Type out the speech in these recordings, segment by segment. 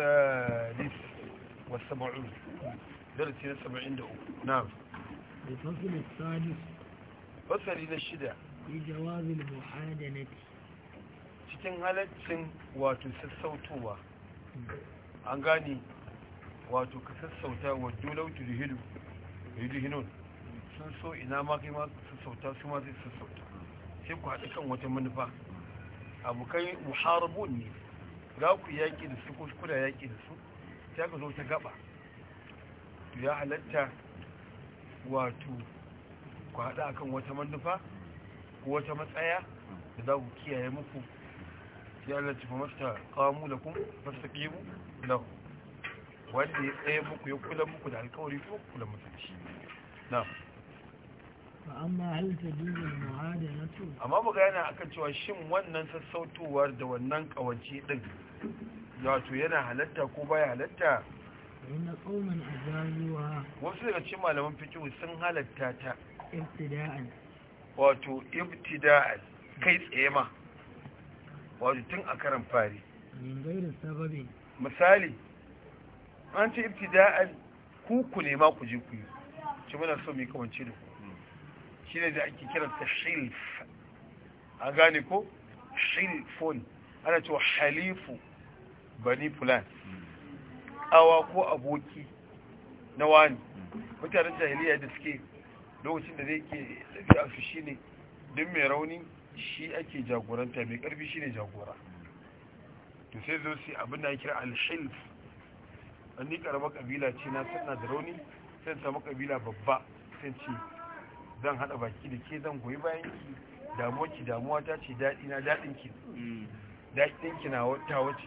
الثالث والسبعون درسي السبعين دعو نعم الفصل الثالث فصل إلى cikin halaccin wato sassautowa an gane wato ka sassauta wa dolautu da hidu sun so ina ma kai ma sassauta su ma zai sassauta sai ku haɗu kan wata manufa abokai muharabu ne za ku yaƙi da su ko su kuna yaƙi da su sai ka zo ta gaba ya halatta wato ku haɗa akan wata manufa ko wata matsaya da za ku kiyaye muku sai masu ta masta mu da kun masta mu? na wanda ya tsaye muku ya kula muku da alkawari ko kula mutunci na amma hal ta duba to amma mu yana akan cewa shin wannan sassautowar da wannan kawance din wato yana halatta ko baya halatta inna qauman azaluha wasu daga cin malaman fiqh sun halatta ta ibtida'an wato ibtida'an kai tsaye ma wato tun a karan fari min gairin sababi misali an ce ibtida'an ku ku ma ku je ku yi ci muna so mu kawance da ku ne da ake kiranta shilf a gane ko shilfon ana cewa halifu bani fulan awa ko aboki na wani mutanen jahiliya da suke lokacin da zai ke tafiya su shi ne don mai rauni shi ake jagoranta mai karfi shi ne jagora to sai zo su abin da ya kira alshilf wani karama kabila ce na suna da rauni sai samu kabila babba sai ce zan hada baki da ke zan goyi bayan ki damuwa ki damuwa ta ce daɗi na daɗin ki mm. na wata wace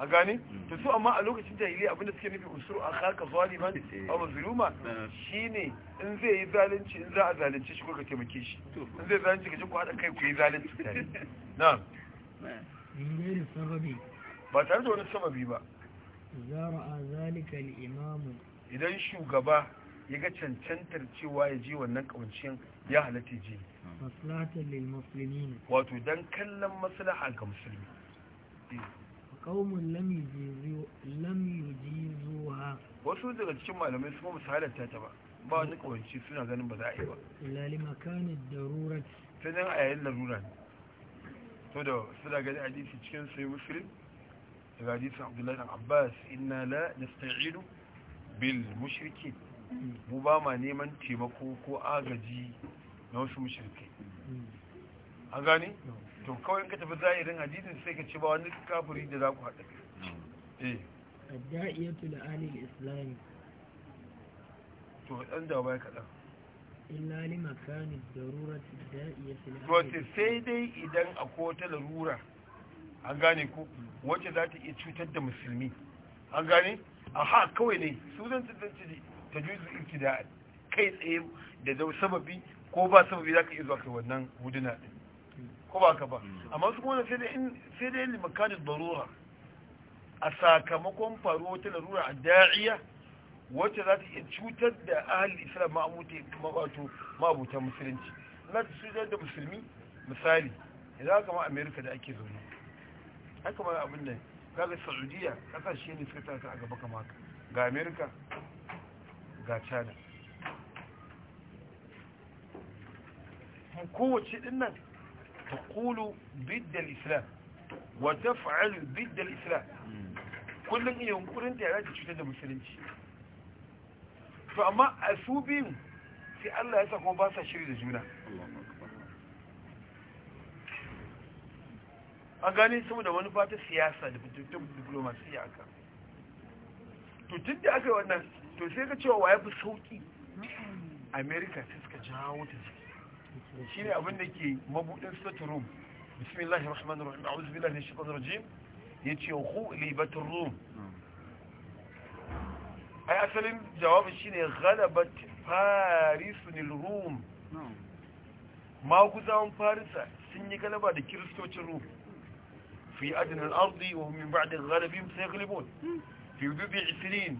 a gane mm. ta su amma a lokacin jahili abinda suke nufi usur a kaka zaliman aw shi shine in zai yi zalunci in za a zalunce shi kuka taimake shi in zai zalunci ka ji ku kai ku yi zalunci tare na. sababi. ba tare da wani sababi ba a zalika al idan shugaba ya ga cancantar cewa ya ji wannan kawancin ya halatta ji maslahatan lil muslimin wato dan kallon maslaha ga musulmi eh. qaumun lam yujizu lam yujizuha wasu daga cikin malamai su ba su halatta ta ba ba wani kawanci suna ganin ba za a yi ba illa li makani darurat sai dan a yayin larura ne to da suna ganin hadisi cikin sai muslim daga hadisi abdullahi dan abbas inna la nasta'inu bil mushrikin hmm. mu ba ma neman taimako ko agaji na wasu mushrikai hmm. an gane to kawai ka tafi zahirin hadisin sai ka ci ba wani kafiri da za ku haɗa eh adda'iyatu da alil islam to dan da bai kaɗan illa li da darurati da'iyatu to sai dai idan akwai wata larura an gane ku wacce za ta iya cutar da musulmi an gane ha kawai ne su zan tantance ta juzu ikida kai tsaye da sababi ko ba sababi za ka iya zuwa kai wannan hudunar din ko ba ka ba amma su kuma sai dai yin makanin barura a sakamakon faruwa wata larura a da'iya wacce za ta iya cutar da ahalin islam ma'amuta mabato ma'abuta musulunci na su cutar da musulmi misali idan aka ma amerika da ake zaune aka ma abin da kaga saudiya kasashe ne suka taka a gaba kama ga amerika ga china kowace dinnan تقول ضد الإسلام وتفعل ضد الإسلام kullum iya yunkurin da ya cutar da musulunci to amma a su biyun sai Allah ya sa kuma ba sa juna a gane saboda manufa ta siyasa da fitattun diplomasiya aka to tun aka yi wannan to sai ka cewa wa ya fi sauki amerika sai suka jawo ta ciki shine abin da ke mabudin sutrum bismillahir rahmanir rahim a'udhu billahi minash rajim rum asalin jawabin shine ghalabat farisun rum maguzawan farisa sun yi galaba da kiristocin rum fi adin al-ardi wa hum min ba'di ghalabihim sayaghlibun fi yubi 20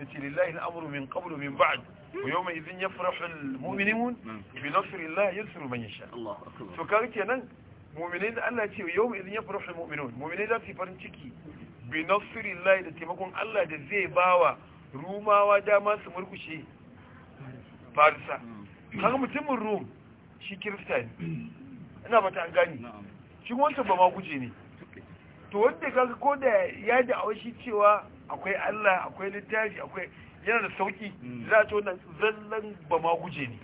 yace lillahi al min qablu min ba'd ويوم yawma يفرح المؤمنون almu'minun bi nasri Allah yansuru man yasha Allah akbar to kaga kenan mu'minai da Allah ce yawma idhin yafrahu almu'minun mu'minai za su farin ciki bi nasri Allah da taimakon Allah da zai bawa rumawa dama su murkushe farisa hmm. kaga mutumin rum shi kirista hmm. ina an gani shi wancan ba ma guje ne to wanda kaga ko da ya da awashi cewa akwai Allah akwai littafi akwai yana da sauki mm. za a ce wannan zallan ba ma guje ne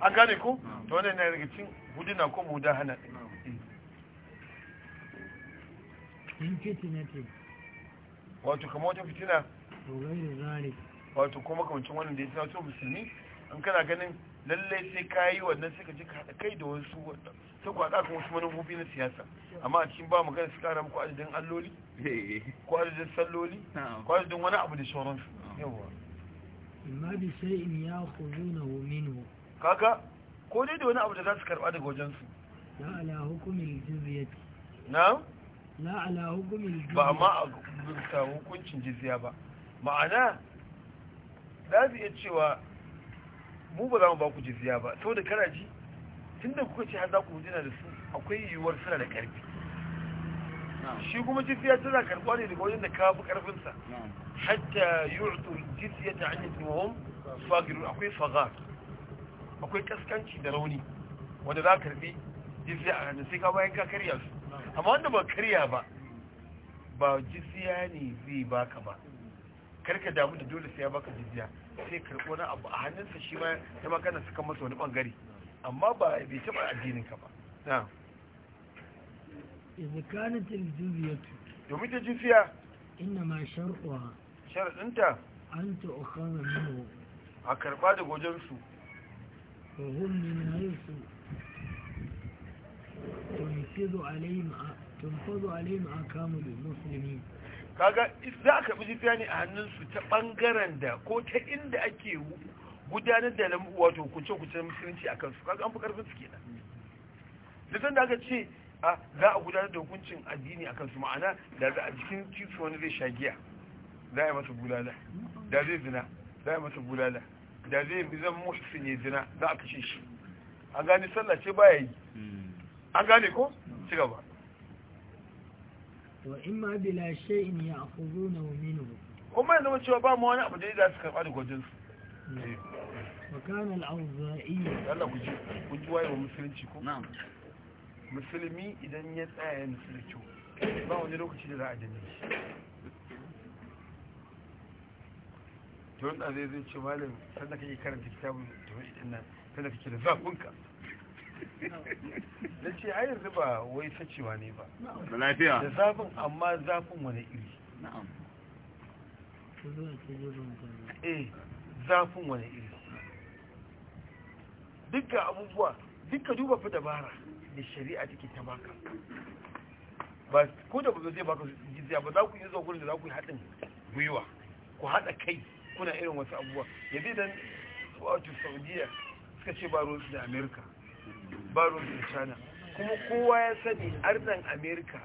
an gane ko mm. ta wannan yana daga cin huduna ko muda hana mm. wato kama wata fitina wato kuma kamcin wannan da ya tana musulmi an kana ganin lallai sai ka yi wannan sai ka ji ka haɗa kai da wasu waɗansu sai ku haɗa kan wasu manufofi na siyasa amma a cikin ba magana su kara muku adadin alloli ko adadin salloli ko adadin wani abu da su yawa amma bi sai in ya na minhu Kaka, ko dai da wani abu da za su karba daga wajen su na ala hukumin jizya na na ala hukumin jizya ba ma a bisa hukuncin jizya ba ma'ana za su iya cewa mu ba za mu ba ku jizya ba saboda karaji tun da kuka ce har za ku hujjina da su akwai yiwuwar suna da karfi shi kuma jisiya tana karɓa ne daga wajen da ka fi karfinsa hatta yurtu jisiya ta hanyar tuhum fagiru akwai fagar akwai kaskanci da rauni wanda za ka karfi jisiya a hannun sai ka bayan ka karya su amma wanda ba karya ba ba jisiya ne zai baka ba karka damu da dole sai ya baka jisiya sai karɓo na abu a hannunsa shi ma ya makana kan masa wani ɓangare amma ba a bai taɓa addinin ka ba na idan kana ta. domin ta jufiya ina ma sharɗuwa sharɗinta an ta ukhara minhu a karɓa da gojen su wa hum min haythu tunfidu alayhim tunfadu alayhim da muslimin kaga za ka bi jiziya ne a hannunsu ta ɓangaren da ko ta inda ake gudanar da wato hukunce-hukunce musulunci a kansu kaga an fi karfin su kenan da sanda aka ce a za a gudanar da hukuncin addini a kansu ma'ana da za a jikin titi wani zai sha giya za a yi masa bulala da zai zina za a yi masa bulala da zai yi zan muhsin ya zina za a kashe shi a gane sallah ce baya yi hmm. a gane ko ci gaba wa ma bila shay'in ya'khudunahu minhu kuma yanzu cewa ba mu wani abu da za su karba da gwajinsu وكان الأوزائي يلا وجواي ومسلمشي نعم musulmi idan ya tsaya musulci ba wani lokaci da za a danne shi to wanda malam sannan kake karanta kitabun tawhid din nan sannan kake da zakunka da ce a yanzu ba wai sacewa ne ba da lafiya amma wani iri zafin wani iri dukkan abubuwa dukka duba fi dabara da shari'a take ta baka ba ko da ba zai baka jizya ba za ku yi zaukuri da za ku yi haɗin gwiwa ku haɗa kai kuna irin wasu abubuwa yanzu dan wato saudiya suka ce ba rosu da amerika ba rosu da china kuma kowa ya sani arzan amerika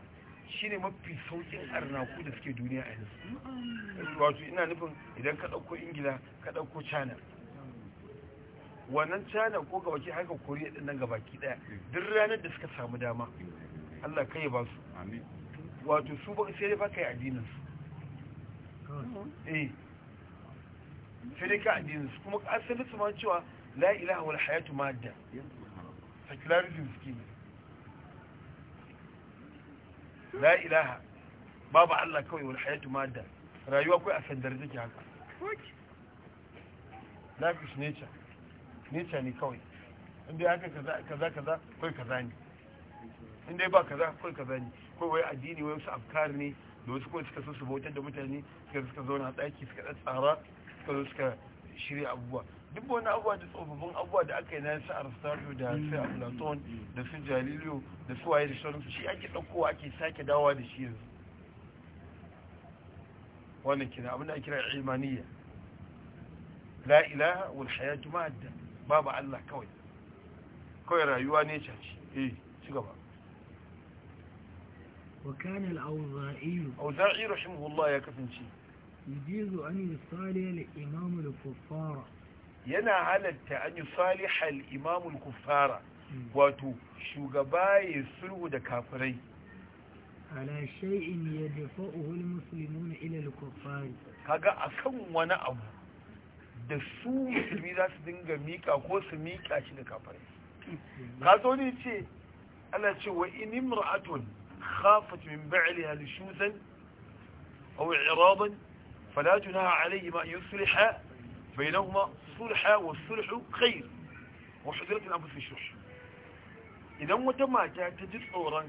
shine mafi saukin arnaku da suke duniya a yanzu wato ina nufin idan ka ɗauko ingila ka ɗauko china wannan china ko ga wace haka koriya ɗin nan gabaki ɗaya duk ranar da suka samu dama allah kai ba su wato su ba sai dai ba ka yi addinin su eh sai dai ka addinin su kuma asalin su ma cewa la ilaha wal hayatu madda secularism suke ne la ilaha babu Allah kawai wal hayatu madda rayuwa kai a sandar take haka life is nature nature ne kawai inda haka kaza kaza kaza kai kaza ne inda ba kaza kai kaza ne kai wai addini wai su afkar ne da wasu kuma suka so su bautar da mutane suka suka zauna a daki suka tsara suka suka shirya abubuwa duk wani abuwa da tsofaffin abuwa da aka yi na su aristotle da su aflaton da su jalilio da su waye da sauransu shi ake ɗaukowa ake sake dawa da shi yanzu wannan kira abin da ake kira imaniya la ilaha wal hayatu ma'adda babu Allah kawai kawai rayuwa ne ce eh ci gaba وكان الأوزاعي أوزاعي رحمه الله يا كفنشي يجيز أن يصلي الإمام الكفار yana halatta an yi salihal imamul kuffara hmm. wato shugaba ya sulhu da kafirai ala shay'in yadfa'uhu almuslimuna ila alkuffari kaga akan wani abu da su musulmi za su dinga mika ko su mika shi da kafirai kazo ne ce ana ce wa in imra'atun khafat min ba'liha lushuzan aw i'radan fala junaha alayhi ma yusliha bainahuma sulha wa sulhu khair wa hujratul anfus shuh idan wata mata ta ji tsoron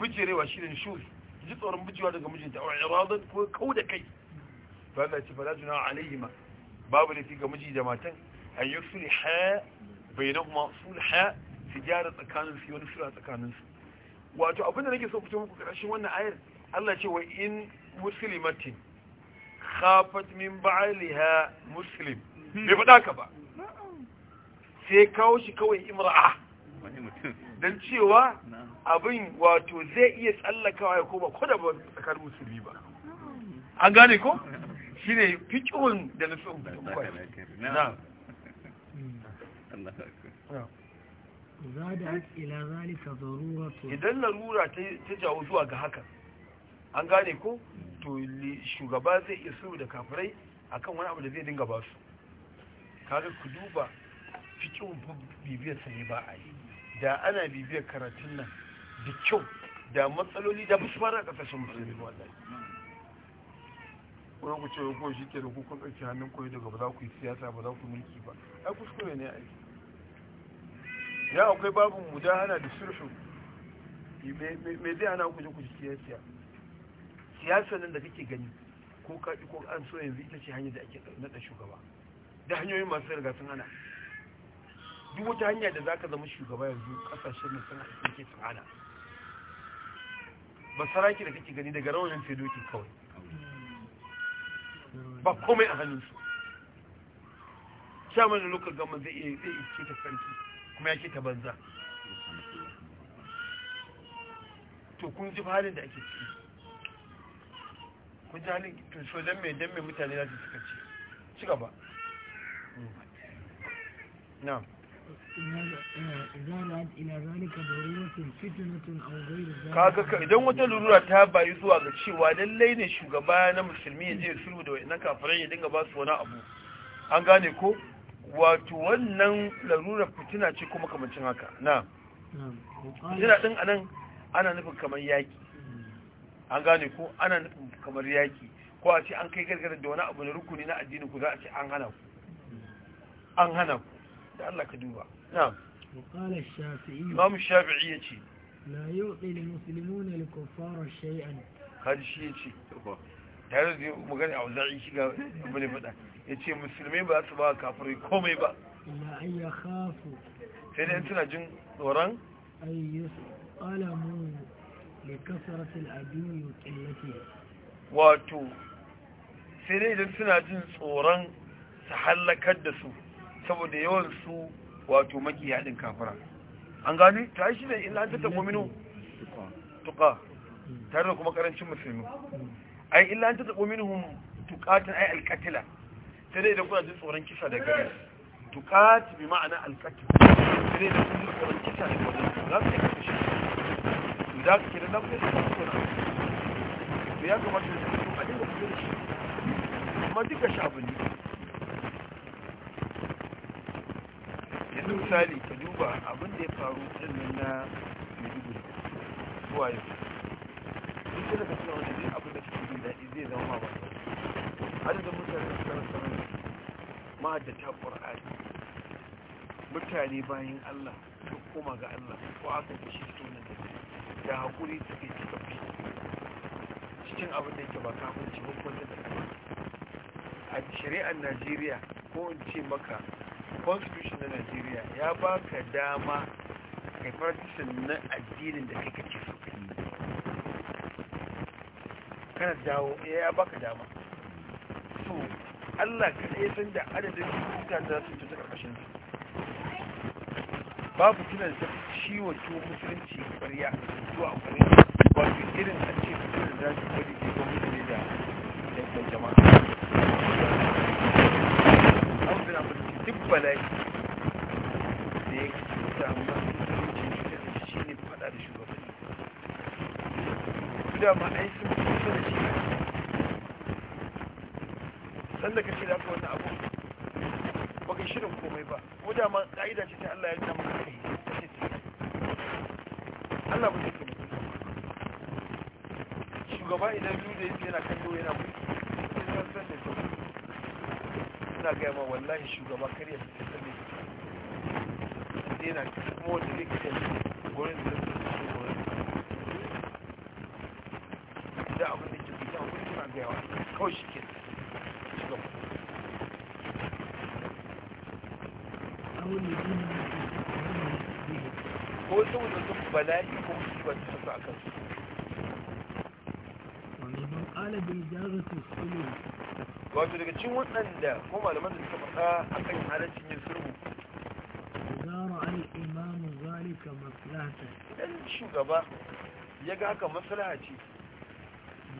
bijirewa shine shuh ji tsoron bijiwa daga mijinta a iradat ko kau da kai to Allah ce fala juna alaihima babu laifi ga miji da matan an yi sulha bainahuma sulha tijara tsakanin su wani sulha tsakanin wato abinda nake so fito muku karshen wannan ayar Allah ce wa in muslimatin khafat min ba'aliha muslim bai faɗa ka ba sai kawo shi kawai imra'a don cewa abin wato zai iya tsallakawa ya koma ko da ba tsakar musulmi ba an gane ko shi ne fikihun da na tsohon na idan larura ta jawo zuwa ga haka an gane ko to shugaba zai iya sulhu da kafirai a kan wani abu da zai dinga ba su kaga ku duba fikin bibiyar sa ne ba a yi da ana bibiyar karatun nan da kyau da matsaloli da ba su fara kasashen musulmi wallahi wani ku ce ko shi ke da ku kun ɗauki hannun koyi daga ba za ku yi siyasa ba za ku mulki ba ai kuskure ne yi ya akwai babu mu da surfin mai zai hana ku je ku ji siyasa siyasar nan da kake gani ko kaɗi ko an so yanzu ita ce hanyar da ake naɗa shugaba da hanyoyin masu riga sun hana duk wata hanya da za ka zama shugaba yanzu ƙasashen nan sun haɗe ke sun hana ba saraki da kake gani daga rawanin sai doki kawai ba komai a hannunsu shaman da lokacin gama zai iya ce ta sarki kuma ya ce ta banza to kun ji halin da ake ciki kun ji halin idan wata lura ta bayi zuwa ga cewa lallai ne shugaba na musulmi ya je sulhu da wayannan kafirai ya dinga ba su wani abu an gane ko wato wannan larurar fitina ce kuma kamancin haka na yana din anan ana nufin kamar yaki an gane ko ana nufin kamar yaki ko a ce an kai gargara da wani abu na rukuni na addini ku za a ce an hana ku an hana ku da Allah ka duba na'am وقال الشافعي امام الشافعي يجي لا يعطي المسلمون الكفار شيئا هذا الشيء يجي zai da magana a wuzari ga abu ne fada ya ce musulmai ba su ba kafirai komai ba la an ya khafu sai dai suna jin tsoron ayyus alamu wato sai dai idan suna jin tsoron su hallakar da su saboda yawan su wato maki yadin kafara an gani ta shi ne ina ta taɓominu tuka tare da kuma karancin musulmi ai illa an ta taɓominu tukatan ai alkatila sai dai idan kuna jin tsoron kisa da gari tukat bi ma'ana alkatila sai dai idan kuna jin tsoron kisa da gari da aka kira na kudin da kuma da ya kamata da kuma a dinga kudin shi amma duka shi abu ne yanzu misali ka duba abin da ya faru ɗin na maiduguri zuwa yau duk da ka suna wani zai abin da suke jin daɗi zai zama ba adadin mutane da sanar sanar ma'adata ƙwar'ani mutane bayan allah ko koma ga allah ko aka fi shi sunan da da haƙuri suke cikin cikin abin da yake ba kafinci hukunta da kuma a shari'ar najeriya ko in ce maka constitution na najeriya ya ba ka dama kai partition na addinin da kake ci su ka kana dawo eh, ya ba ka dama so allah ya san da adadin kuka za su cuta karkashin su babu tunan da shi wato musulunci ƙarya zuwa Ba su irin a ce fitar da zafi wadda ke gwamnati ne da da jama'a abu da na duk bala'i da ya samu musulunci da da shi ne faɗa da shugabanni da ma ai sun kusa da shi sanda ka ce da aka wani abu baka shirin komai ba ko da ma ƙa'ida ce ta Allah ya yana mulki shugaba idan biyu da yake yana kallo yana kuma yana san da sau ina gaya ma wallahi shugaba kar ya fita sai yana kuma to daga cikin waɗanda ko malaman da suka faɗa akan halaccin yin sulhu zara al imamu zalika maslahata dan shugaba ya ga haka maslaha ce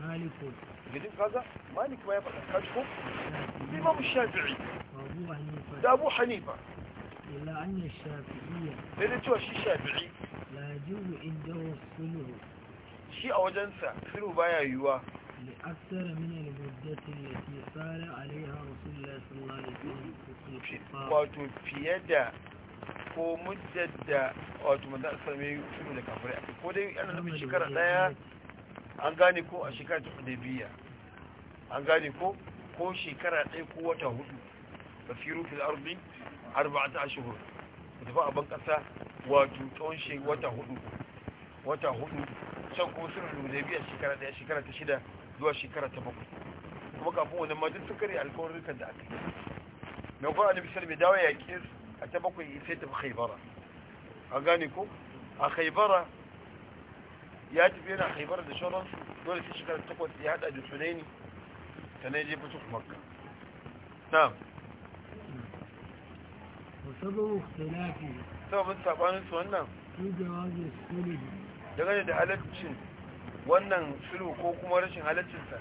malikun gidin kaza malik ma ya faɗa kashi ko imamu shafi'i da abu hanifa illa an ya shafi'iya sai da cewa shi shafi'i la jiwu inda wasu shi a wajensa sulhu baya yiwuwa لأكثر من المدة التي صار عليها رسول الله صلى الله عليه وسلم da ko muddar da wato manzan asar da kafirai ko dai yana nufin shekara daya an gane ko a shekara ta an gane ko ko shekara daya ko wata hudu da firu fil arzi arba'ata ashhur da ba ban kasa wato tsawon wata shekara daya zuwa shekara ta bakwai kuma kafin wannan ma duk sun kare alkawarin da aka yi mai kuma annabi sallallahu dawo ya ke a ta bakwai sai tafi haibara a gane ko a haibara ya tafi yana khaybara da shauran dole sai shekara ta takwas ya hada da sunaini sannan na je fito makka na'am وسبب اختلافه سبب التعبان سوانا في جواز السلب دغني da halaccin wannan sulhu ko kuma rashin halaccinsa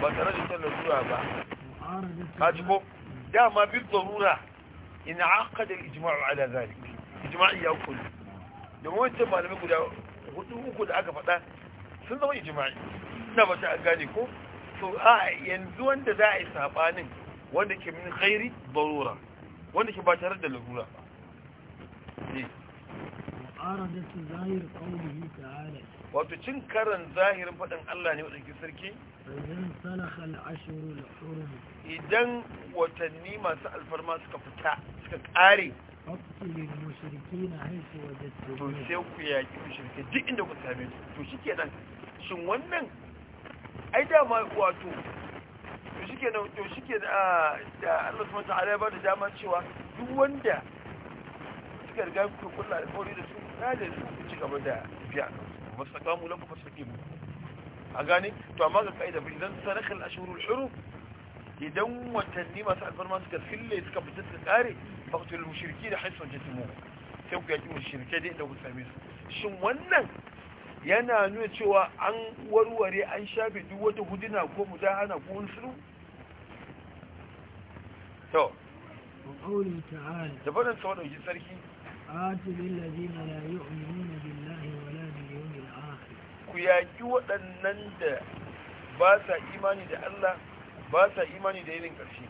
ba tare da ta larura ba ka ji ko dama bi darura ina aqada al-ijma'u ala zalik ijma'i ya kullu da wancan malamai guda hudu uku da aka faɗa sun zama ijma'i ina ba ta gane ko to a yanzu wanda za a yi sabanin wanda ke min khairi darura wanda ke ba tare da larura ba eh. zahir wato cin karan zahirin fadin Allah ne wadaki sarki idan idan watanni masu alfarma suka fita suka kare to sai ku yaki mashirka duk inda ku same su to shi ke nan shin wannan ai dama wato to nan to shikenan ah, da Allah subhanahu wa ta'ala ya ba da dama cewa duk wanda suka riga kuka kulla alƙawari da su kyale su ci gaba da tafiya mustaqamu lakum fastaqimu a gane to amma ga kaida bin dan sarakal ashhurul hurum idan watanni masu alfarma suka fille suka fita suka kare faqtul mushriki da haisu jatimu sai ku yaki mushrike da inda ku same su shin wannan yana nuna cewa an warware an shafe duk wata huduna ko mudahana ko unsuru to قوله تعالى تبارك وتعالى sarki. ku yaƙi waɗannan da ba sa imani da Allah ba sa imani da yanin ƙarshe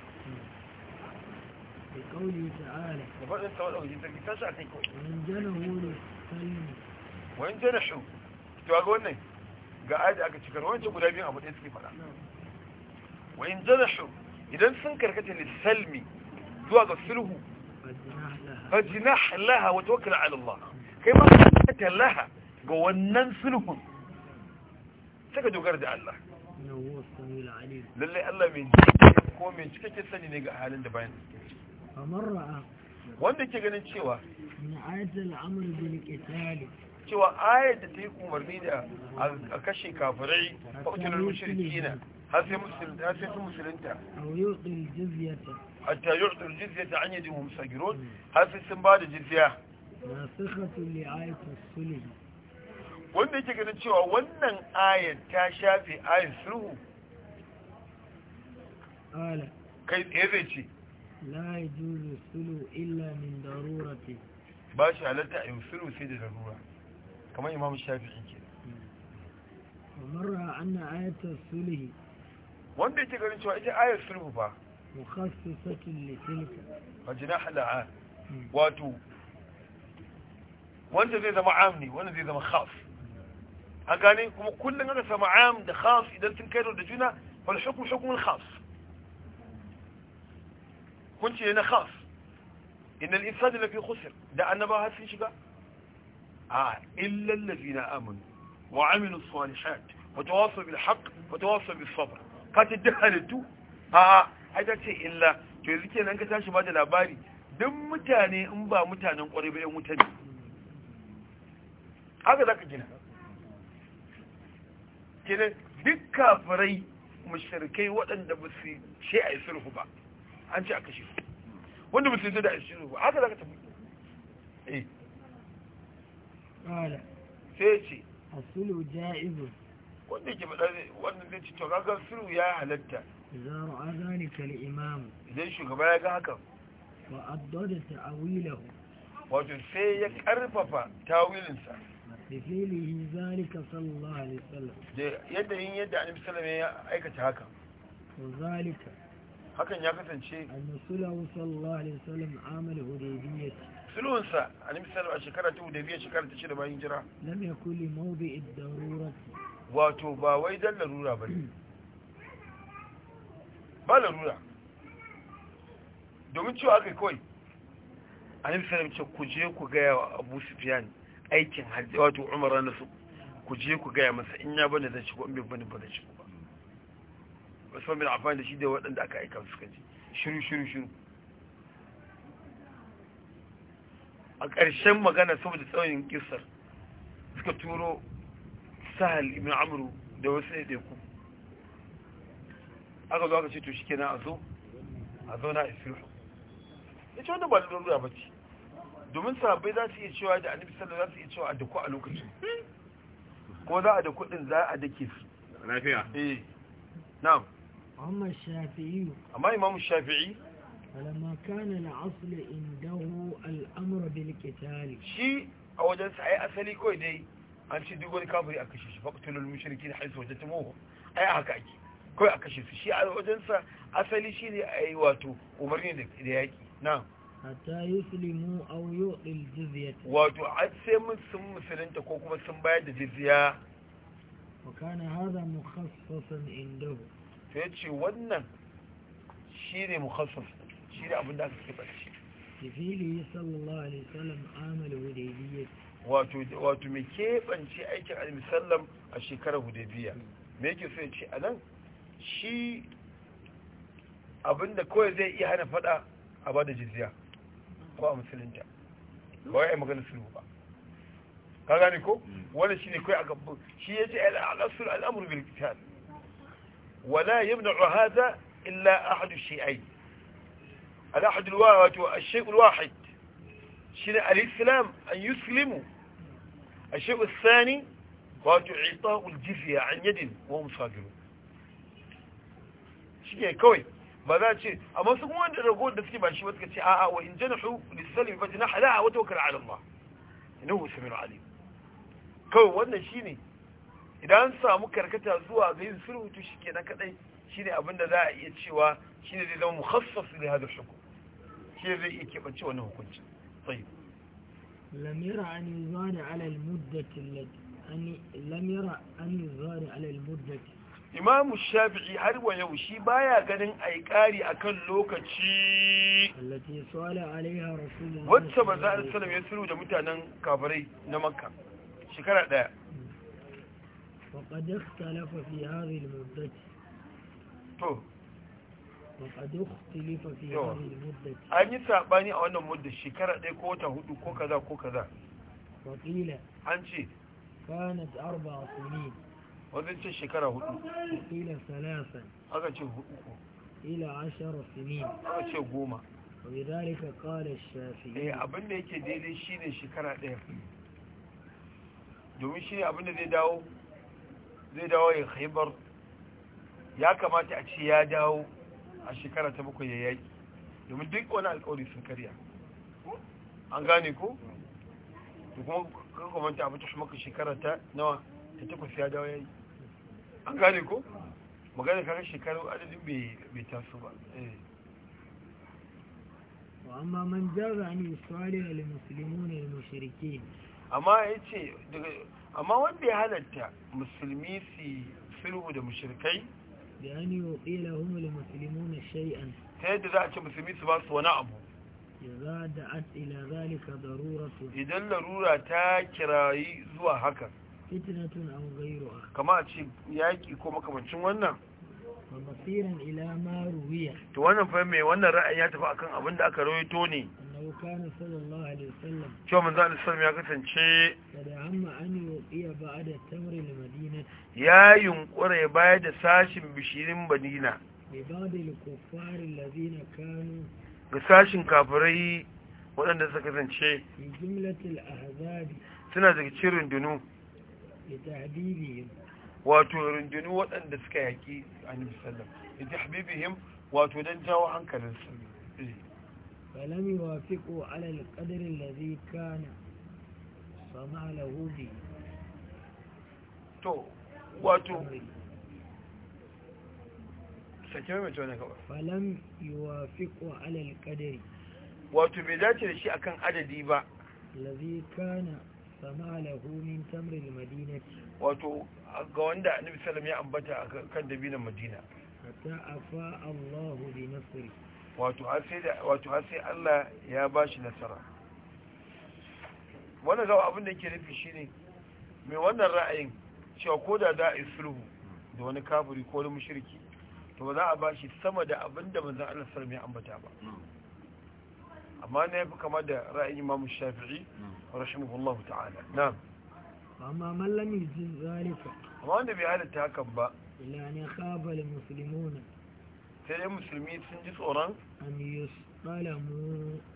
wani jana shi to ga wannan ga aji aka cikar wancan guda biyu abu ɗaya suke fara wani jana shi idan sun karkata ne salmi zuwa ga sulhu fajnah laha wa tawakkal ala Allah kai ma ka laha ga wannan sulhun saka dogara da Allah lalle Allah mai ko mai cikakken sani ne ga halin da bayan wanda ke ganin cewa cewa ayar da ta yi umarni da a kashe kafirai a ƙutunar mushirki na har sai sun musulunta hatta yu'tul jizyata an yadihum sagirun hmm. har sai sun bada jizya nasikhatu li'ayati sulh wanda yake ganin cewa wannan ayat ta shafe ayat sulhu ala kai tsaye zai ce la yajuzu sulhu illa min darurati ba shi halatta in sulhu da darura kamar imam shafi'i ke آية الصلح wanda yake ganin cewa ita ayar sulhu ba mukhassisatin litilka majnah al'an wato wanda zai zama am ne wanda zai zama khas a gane kuma kullum aka samu am da khas idan sun kai da juna wal hukm hukm al khas kun ce na khas inal insani lafi khusr da annaba har sun shiga a illa allazina amanu wa amilu salihat wa tawassaw bil haqq wa tawassaw bis sabr fatin duk halittu a'a ai da ce illa to yanzu kenan ka tashi ba da labari duk mutane in ba mutanen kwarai ba yan wuta ne haka za ka gina kenan duk kafirai mushrikai waɗanda ba su ce a yi sulhu ba an ce a kashe su wanda ba su yi da a yi sulhu ba haka za ka tafi eh sai ce A sulhu ja'izu wanda yake faɗa wanda zai ci to kaga firu ya halatta idan ra'a zalika al imamu. idan shugaba ya ga haka wa addada ta'wilahu wato sai ya karfafa tawilin sa bi fi'lihi zalika sallallahu alaihi wasallam yadda yin yadda annabi sallallahu alaihi wasallam ya aikata haka zalika hakan ya kasance annabi sallallahu alaihi wasallam amal hudaybiyya sulhun sa annabi sallallahu a shekara ta hudaybiyya shekara ta 6 bayan jira lam yakuli mawdi'id darurati wato ba wai dan larura ba ne ba larura domin cewa aka kawai a yi sanin ce ku je ku gaya wa abu sufiyan aikin hajji wato umar ranar su ku je ku gaya masa in ya bane zai shigo in bai bane ba zai shigo ba wasu bin amfani da shi da waɗanda aka aika su ji shiru shiru shiru a ƙarshen magana saboda tsawon kisar suka turo sahal ibn amru da wasu ku. aka zo aka ce to shi kenan a zo a zauna a sulhu ya ce wanda ba da lura ba ce domin sahabbai za su iya cewa da annabi sallallahu za su iya cewa a daku a lokacin ko za a da kudin za a ke su eh. amma shafi'i amma imam shafi'i alamma kana na asl indahu al-amr bil shi a wajen sa asali koi dai an ce duk wani kafiri a kashe shi faqtulul mushrikin haythu wajadtumuhum ai haka ake kai a kashe su shi a wajensa asali shi ne a yi wato umarni da yaƙi, na. yaki na'am hatta yuslimu aw ɗin jizyata wato a sai mun sun musulunta ko kuma sun bayar da jizya wa kana hadha mukhassasan indahu to ce wannan shi ne shine shi ne abin da aka kebance Jibril sallallahu alaihi wasallam amal hudaybiyyah wato mai keɓance aikin alisallam a shekarar hudabiya me yake so ya ce a nan shi abinda kawai zai iya hana fada a ba da jizya ko a musulunta ba ya yi magana sulhu ba ka gane ko wani shi ne kawai a gabbin shi ya ce al'asur al'amur bil wala yabna hada illa ahadu shi'ai al ahadu wato ash-shay'u al-wahid shi ne al-islam an yuslimu الشيء الثاني wato ita'ul jizya an yadin wa musafiru shike kawai ba za ce amma su kuma wanda rago da suke ba shi wata ce a'a wa in janahu lisalim fa janaha la wa tawakkal ala Allah innahu samiu alim kawai wannan shine idan samu karkata zuwa ga yin sulhu to shikenan kadai shine abinda za a iya cewa shine zai zama mukhassas li iya لم يرى أن يزاد على المدة التي أن لم يرى أن يزاد على المدة إمام الشافعي هل ويوشي بايا غنن أيكاري أكل لوكتشي التي صلى عليها رسول الله واتسا مزاء السلام يسلو جمتانا كابري نمكة شكرا دا وقد اختلف في هذه المدة تو an yi saɓani a wannan muddin shekara ɗaya ko wata hudu ko kaza ko kaza an ce kanat arba suni ce shekara hudu ila salasan aka ce hudu ko ila ashara suni aka ce goma wani kada shafi ne abinda yake daidai ne shekara ɗaya domin shi abinda zai dawo zai dawo ya haibar ya kamata a ce ya dawo a shekara ta bakwai ya yaki domin duk wani alkawari sun karya an gane ko da kuma kakwamanta a ta maka shekara ta nawa ta takwas ya dawo ya yi an gane ko magana kakar shekaru adadin bai taso ba eh. amma man jarra ne tsari da musulmi ne mushriki amma ya ce amma wanda ya halatta musulmi su sulhu da mushrikai bi an yuqila hum al muslimun shay'an yadda za a ce musulmi su ba su wani abu idza da'at ila zalika daruratu idan larura ta kirayi zuwa haka fitnatun aw ghayruha kama a ce yaki ko makamancin wannan wa masiran ila ma ruwiya wannan mai wannan ra'ayi ya tafi akan abin da aka rawaito ne cewa manzo Allah sallam ya kasance ya yunkura ya bayar da sashin bishirin madina ga sashin kafirai waɗanda suka kasance suna daga cikin rundunu wato rundunu waɗanda suka yaƙi a sallam da habibihim wato don jawo hankalin hankalinsu فلم يوافقوا على القدر الذي كان فما له به to wato sake mai tone kawai falam yuwafiqu ala alqadari wato bai dace da shi akan adadi ba allazi kana samalahu min tamri almadinati wato ga wanda annabi sallallahu ya ambata kan dabinan madina hatta afa Allahu bi nasri wato har sai Allah ya ba shi nasara wannan gawa abin da ke nufi shi ne mai wannan ra'ayin cewa ko da za a yi sulhu da wani kafiri ko wani mushirki to ba za a ba shi sama da abin da manzan Allah sarar mai ambata ba amma na yafi kama da ra'ayin imam shafi'i rahimahullahu ta'ala na amma mallami zalika amma wanda bai halatta hakan ba ila ne khaba al sai dai musulmi sun ji tsoron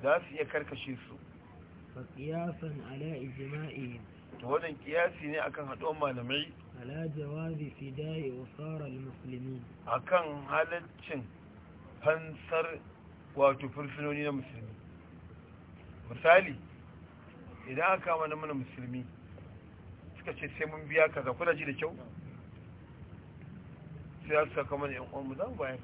za su iya karkashe su faƙiyasan ala ijima'i to wajen kiyasi ne akan haɗuwar malamai ala jawazi fida'i usara musulmi akan halaccin fansar wato fursunoni na musulmi misali idan aka mana mana musulmi suka ce sai mun biya kaza kuna ji da kyau sai ya saka mana yan uwan mu zan bayan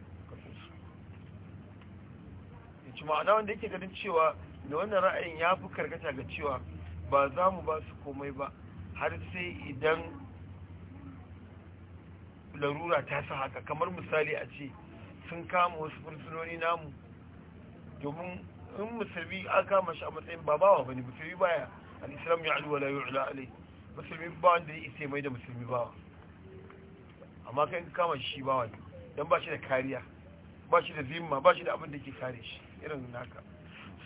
ci ma'ana wanda yake ganin cewa da wannan ra'ayin ya fi karkata ga cewa ba za mu ba su komai ba har sai idan larura ta sa haka kamar misali a ce sun kama wasu fursunoni namu domin in musulmi a kama shi a matsayin babawa ba ne musulmi baya al'islam ya alwa la yu'la alai musulmi ba wanda ya isa mai da musulmi bawa amma kai kama shi bawa ne don ba shi da kariya ba shi da zimma ba shi da abin da ke kare shi irin naka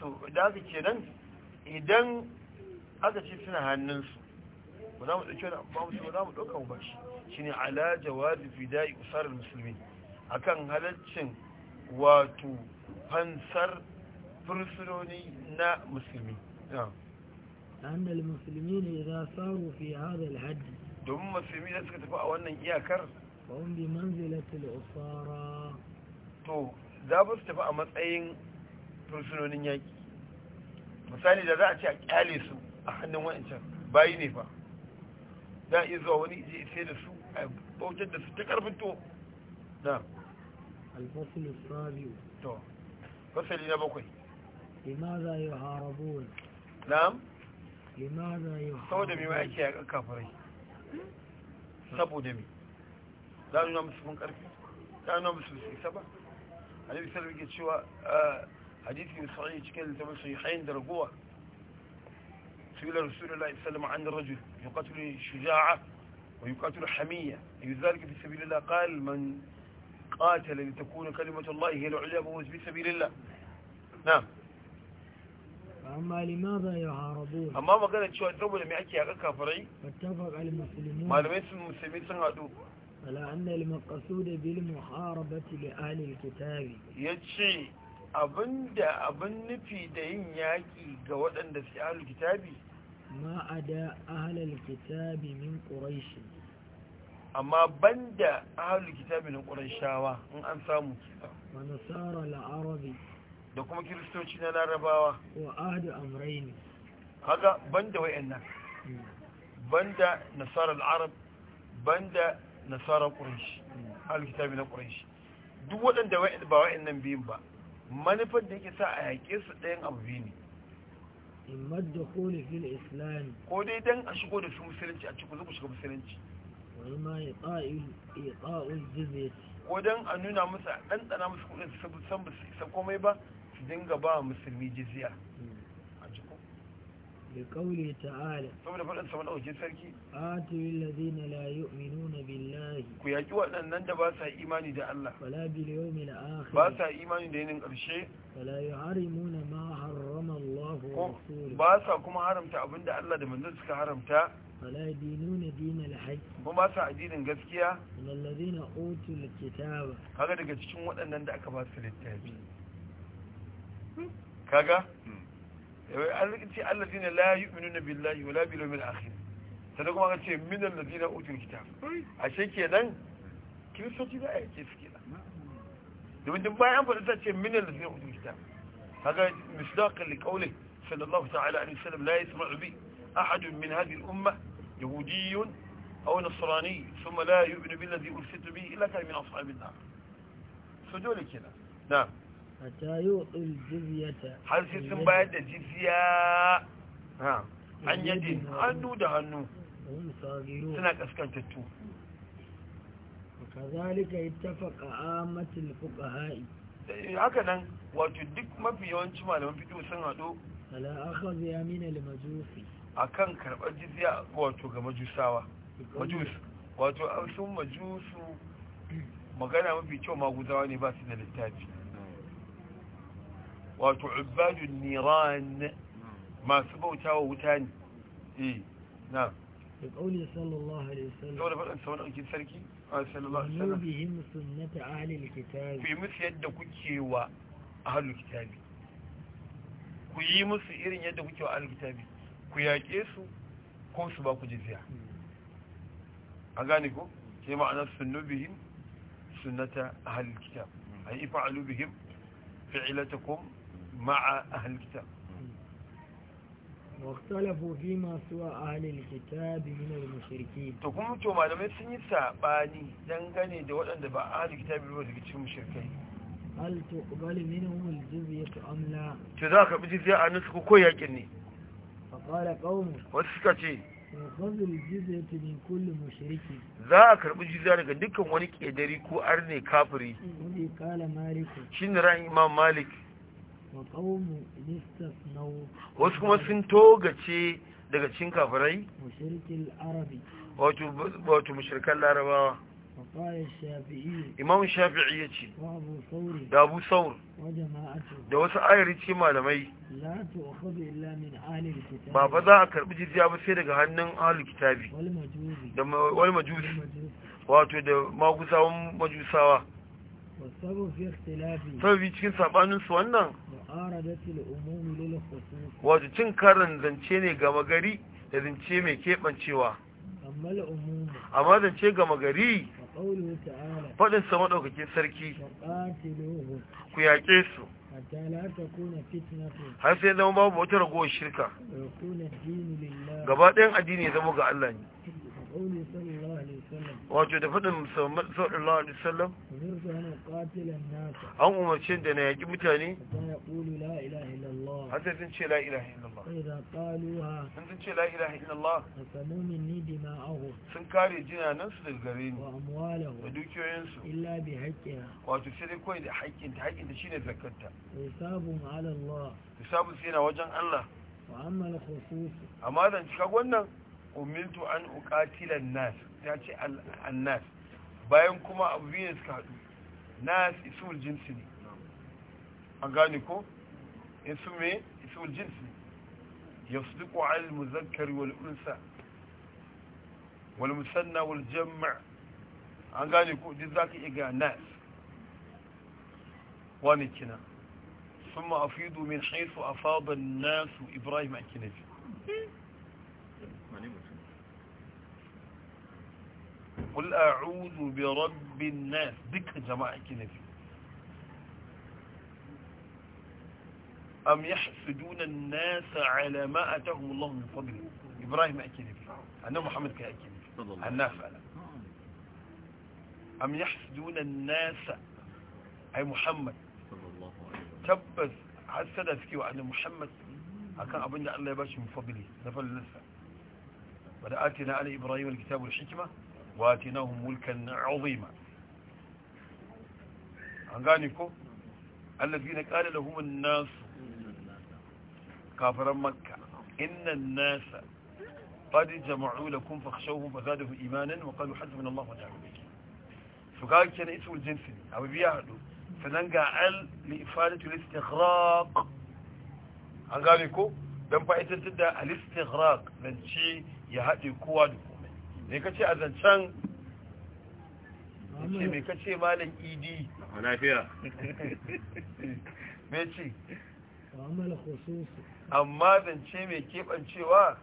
so da aka ce nan idan aka ce suna hannunsu ba za mu ɗauki wani abu ba mu za mu ɗauka mu ba shi shi ne ala jawabi fida'i usarar musulmi kan halaccin wato fansar fursunoni na musulmi annal musulmi ne za saru fi hada alhaji domin musulmi da suka tafi a wannan iyakar wani bi manzilatul usara to za ba su tafi a matsayin fursunonin yaƙi misali da za a ce a kyale su a hannun wa'ancan bayi ne ba za a iya zuwa wani je sai da su a bautar da su ta karfin to na alfasulun sabiu to fasali na bakwai limaza yi harabuwa za limaza yi harabuwa saboda mai ake yaƙar kafirai saboda mai za a nuna musu mun karfi za a nuna musu su isa ba a nabi bisar ke cewa ah, حديث صحيح كان تبع صحيحين درجوه سئل رسول الله صلى الله عليه وسلم عن الرجل يقاتل شجاعة ويقاتل حمية أي ذلك في سبيل الله قال من قاتل لتكون كلمة الله هي العليا فهو في سبيل الله نعم أما لماذا يعارضون أما ما قالت شو أتوب لم يأتي أغا كافري فاتفق على المسلمين ما لم يسمى المسلمين سنعدو فلا أن المقصود بالمحاربة لأهل الكتاب يتشي Abin da abin nufi da yin yaƙi ga waɗanda su ahalar kitabi ma a da ahalar kitabi min ƙuraishi amma ban da ahalar kitabi na ƙuraishawa in an samu kita wa nasara la'arabi da kuma kiristoci na larabawa wa ahadu amraini da banda wayannan da hmm. nasara la'arab, ban da nasara quraish ahalar kitabi na quraish duk waɗanda ba nan biyun ba manufar da yake sa a yaƙe su ɗayan abu biyu ne imar da kone fil islam ko dai dan a shigo da su musulunci a cikin zuku shiga musulunci wani ma ya ƙa'ul jizyati ko dan a nuna musu a ɗanɗana musu kuɗin su san ba su isa komai ba su dinga ba musulmi jizya hmm. لقوله تعالى saboda faɗin sama ɗaukin sarki atiyul ladina la yu'minuna billahi ku yaki waɗannan da ba sa imani da Allah wala bil yawmil akhir ba sa imani da yinin ƙarshe wala yuharimuna ma harrama Allah wa rasuluhu ba sa kuma haramta abinda Allah da manzon suka haramta wala dinuna dinal haqq kuma ba sa addinin gaskiya min alladhina utul kitaba kaga daga cikin waɗannan da aka ba su littafi kaga hmm. الذين لا يؤمنون بالله ولا باليوم الآخر sannan kuma aka ce minan da zina utul kitab a shi ke nan kiristoci za a yi ce suke nan domin duk bayan faɗi ta ce minan da zina utul kitab haka misdaƙin liƙaule sallallahu ta'ala alaihi wasallam la yasma'u bi ahadun min hadhihi al-umma yahudiyyun أو نصراني ثم لا يؤمن بالذي أرسلت به إلا كان من أصحاب النار فدولي كده نعم har sai sun bayar da jizya an yadda hannu da hannu suna kaskantattu kazalika matin amatul ha'i haka nan wato duk mafi yawanci malaman fito sun hado ala akhadhi yamin da majusi kan karbar jizya wato ga majusawa majus wato sun majusu magana mafi kyau maguzawa ne ba su da littafi wato ibadun niran masu bauta wa wuta ne eh na da sallallahu alaihi sallallahu alaihi sunnata kitabi fi musu yadda kuke wa kitabi ku yi musu irin yadda kuke wa ahlul kitabi ku yaƙe su ko su ba ku jiziya a gane ko Ke ma'anar sunnu bihim sunnata ahlul kitab hmm. ay ifa'alu bihim fi'ilatakum ma'a ahlul kitab واختلفوا فيما سوى أهل الكتاب من المشركين تقوم تو malamai sun yi sabani dangane da waɗanda ba ahli kitabi ba daga cikin mushrikai hal tuqbalu minhum al-jizyatu am la za ka bi jizya a nan ko yakin ne fa qala qaum wasu suka ce yuqbalu al-jizyatu min kulli mushriki za a karbi jizya daga dukkan wani kedari ko arne kafiri ne kala malik shin ra'ayin imam malik wasu kuma sun togace daga cikin kafirai wato mashirkan larabawa imam shafi'i ya ce da abu saur da wasu ayari ce malamai ba ba za a karbi jirgiya ba sai daga hannun ahalul kitabi da wal majusi wato da magusawan majusawa sababi cikin sabaninsu wannan wato cin karin zance ne gama gari da zance mai keɓancewa amma zance gama gari sama maɗaukakin sarki ku yaƙe su har sai zama babu wata ragowar shirka gaba ɗayan addini ya zama ga Allah ne Ka'u ne, sallallahu alaihi wa musamman sauɗin Laur ɗin An umarci da na yaƙi mutane. A da ya kula, la ilaha illallah! Hanzu sun ce la Sai da kaluhu. Sani sun ce la ilaha illallah! a hukuma. Sun kare jiranansu daga gare ni. Wa mu wala sai dai koyan da A yi sabon halun yana wajen Allah. Ma'amman kurkuku. A madanki ka ga umiltu an uqatilan nas ta ce annas bayan kuma abu biyu suka haɗu nas isul jinsi ne an gane ko isu me isul jinsi yasduqu al muzakkar wal unsa wal musanna wal jam' an gane ko duk zaka iya ga nas wani kina ثم a من nasu ibrahim a kina أكنفي قل أعوذ برب الناس ذكر جماعة كنفي أم يحسدون الناس على ما أتاهم الله من فضله إبراهيم أكنفي أنه محمد كأكنفي الناس أنا أم يحسدون الناس أي محمد تبث حسد فيك وأن محمد أكان أبن الله يباشي من فضله نفل لسه ولآتنا آتنا على إبراهيم الكتاب والحكمة وآتناهم ملكا عظيما أنقانيكو الذين قال لهم الناس كافر مكة إن الناس قد جمعوا لكم فاخشوهم فزادهم إيمانا وقالوا من الله ونعم الوكيل فقال كان اسم الجنس أو بيعدوا فننقع عل لإفادة الاستغراق أنقانيكو دم فأيتن تدى الاستغراق شيء ya haɗe kowa da komai me ka ce a zancen ce me ka ce malam idi e a lafiya me ce amma zance mai keɓancewa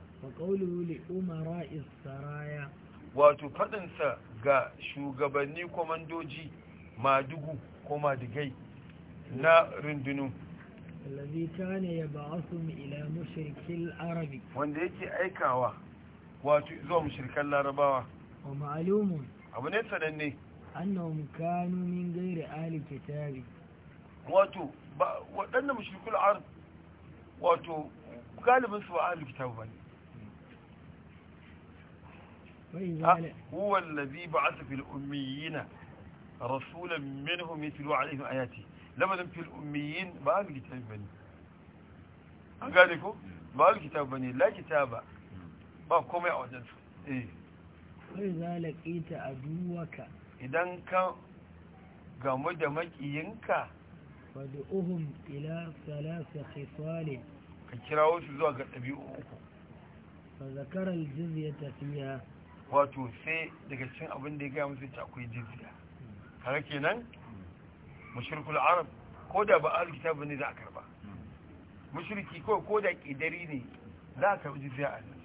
wato faɗinsa ga shugabanni kwamandoji madugu ko madigai na rundunu wanda yake aikawa wato zuwa mushrikan larabawa wa ma'alumun abu ne sananne annahum kanu min ghairi ahli wato waɗannan mushrikul arab wato galibin su ba ahli kitabi bane هو الذي بعث في الأميين رسولا منهم يتلو عليهم آياته لما في الأميين بقى الكتاب ba أقالكم بقى الكتاب بني ba komai a wajen su eh wai zalake ta aduwaka idan ka gamu da makiyinka fad'uhum ila salasa khisal ka kira wasu zuwa ga ɗabi'u uku fa zakara al tafiya. fiha wato sai daga cikin abin da ya gaya musu ta akwai jizya Kare kenan mushrikul arab ko da ba alkitabu ne za a karba hmm. mushriki ko ko da kidari ne za a karbi jizya a